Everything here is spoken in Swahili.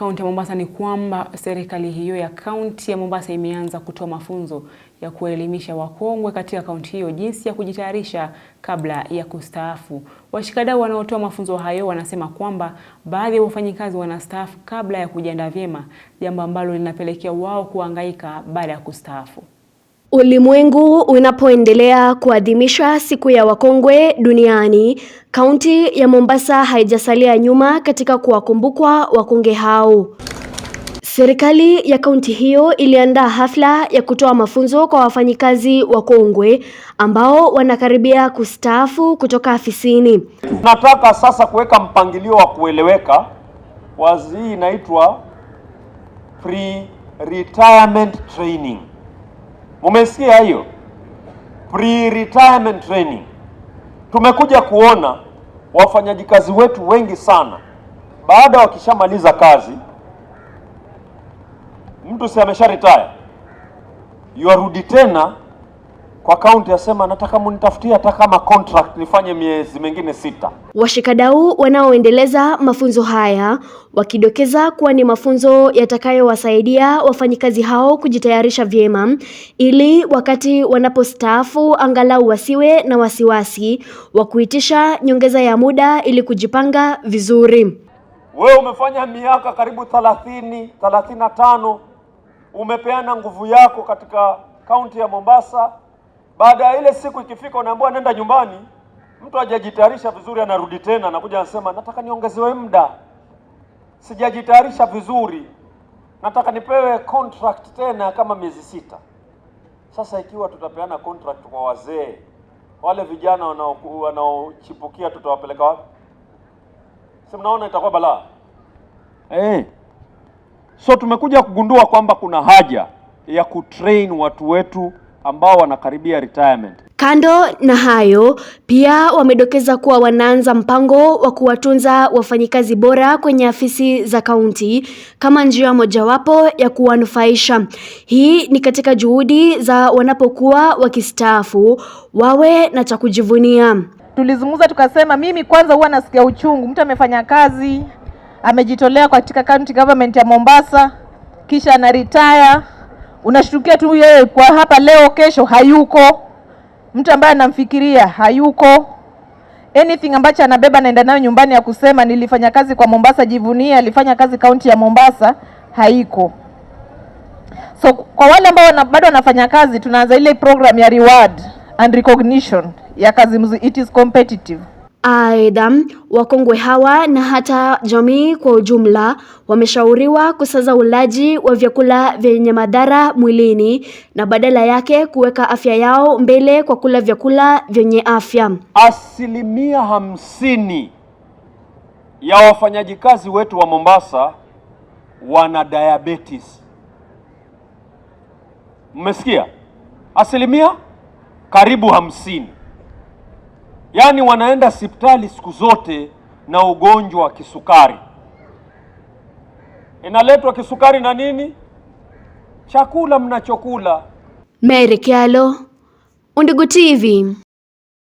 kaunti ya Mombasa ni kwamba serikali hiyo ya kaunti ya Mombasa imeanza kutoa mafunzo ya kuwaelimisha wakongwe katika kaunti hiyo jinsi ya kujitayarisha kabla ya kustaafu. Washikadau wanaotoa mafunzo hayo wanasema kwamba baadhi ya wafanyikazi wanastaafu kabla ya kujiandaa vyema, jambo ambalo linapelekea wao kuhangaika baada ya kustaafu. Ulimwengu unapoendelea kuadhimisha siku ya wakongwe duniani, kaunti ya Mombasa haijasalia nyuma katika kuwakumbukwa wakongwe hao. Serikali ya kaunti hiyo iliandaa hafla ya kutoa mafunzo kwa wafanyikazi wakongwe ambao wanakaribia kustaafu kutoka afisini. Nataka sasa kuweka mpangilio wa kueleweka wazi, inaitwa pre-retirement training. Mumesikia hiyo pre-retirement training. Tumekuja kuona wafanyaji kazi wetu wengi sana, baada wakishamaliza kazi, mtu si amesha retire, yuarudi tena kwa kaunti asema nataka mnitafutie hata kama contract nifanye miezi mingine sita. Washikadau wanaoendeleza mafunzo haya wakidokeza kuwa ni mafunzo yatakayowasaidia wafanyikazi hao kujitayarisha vyema ili wakati wanapostaafu angalau wasiwe na wasiwasi wa kuitisha nyongeza ya muda ili kujipanga vizuri. Wewe umefanya miaka karibu 30, 35 umepeana nguvu yako katika kaunti ya Mombasa. Baada ya ile siku ikifika, unaambiwa nenda nyumbani, mtu hajajitayarisha vizuri anarudi tena anakuja anasema, nataka niongezewe muda, sijajitayarisha vizuri, nataka nipewe contract tena kama miezi sita. Sasa ikiwa tutapeana contract kwa wazee, wale vijana wanaochipukia tutawapeleka wapi? Si mnaona itakuwa balaa hey. Eh. So tumekuja kugundua kwamba kuna haja ya kutrain watu wetu ambao wanakaribia retirement. Kando na hayo, pia wamedokeza kuwa wanaanza mpango wa kuwatunza wafanyikazi bora kwenye afisi za kaunti kama njia mojawapo ya kuwanufaisha. Hii ni katika juhudi za wanapokuwa wakistaafu wawe na cha kujivunia. Tulizungumza tukasema, mimi kwanza huwa nasikia uchungu, mtu amefanya kazi amejitolea katika county government ya Mombasa kisha ana retire unashtukia tu yeye kwa hapa leo, kesho hayuko, mtu ambaye anamfikiria hayuko, anything ambacho anabeba naenda nayo nyumbani ya kusema nilifanya kazi kwa Mombasa, jivunie alifanya kazi kaunti ya Mombasa, haiko. So kwa wale ambao wana, bado wanafanya kazi, tunaanza ile program ya reward and recognition ya kazi mzuri, it is competitive Aidha, wakongwe hawa na hata jamii kwa ujumla wameshauriwa kusaza ulaji wa vyakula vyenye madhara mwilini na badala yake kuweka afya yao mbele kwa kula vyakula vyenye afya. Asilimia hamsini ya wafanyaji kazi wetu wa Mombasa wana diabetes. Mmesikia? Asilimia karibu hamsini yaani wanaenda hospitali siku zote na ugonjwa wa kisukari. Inaletwa kisukari na nini? Chakula mnachokula. Mary Kyalo, Undugu TV.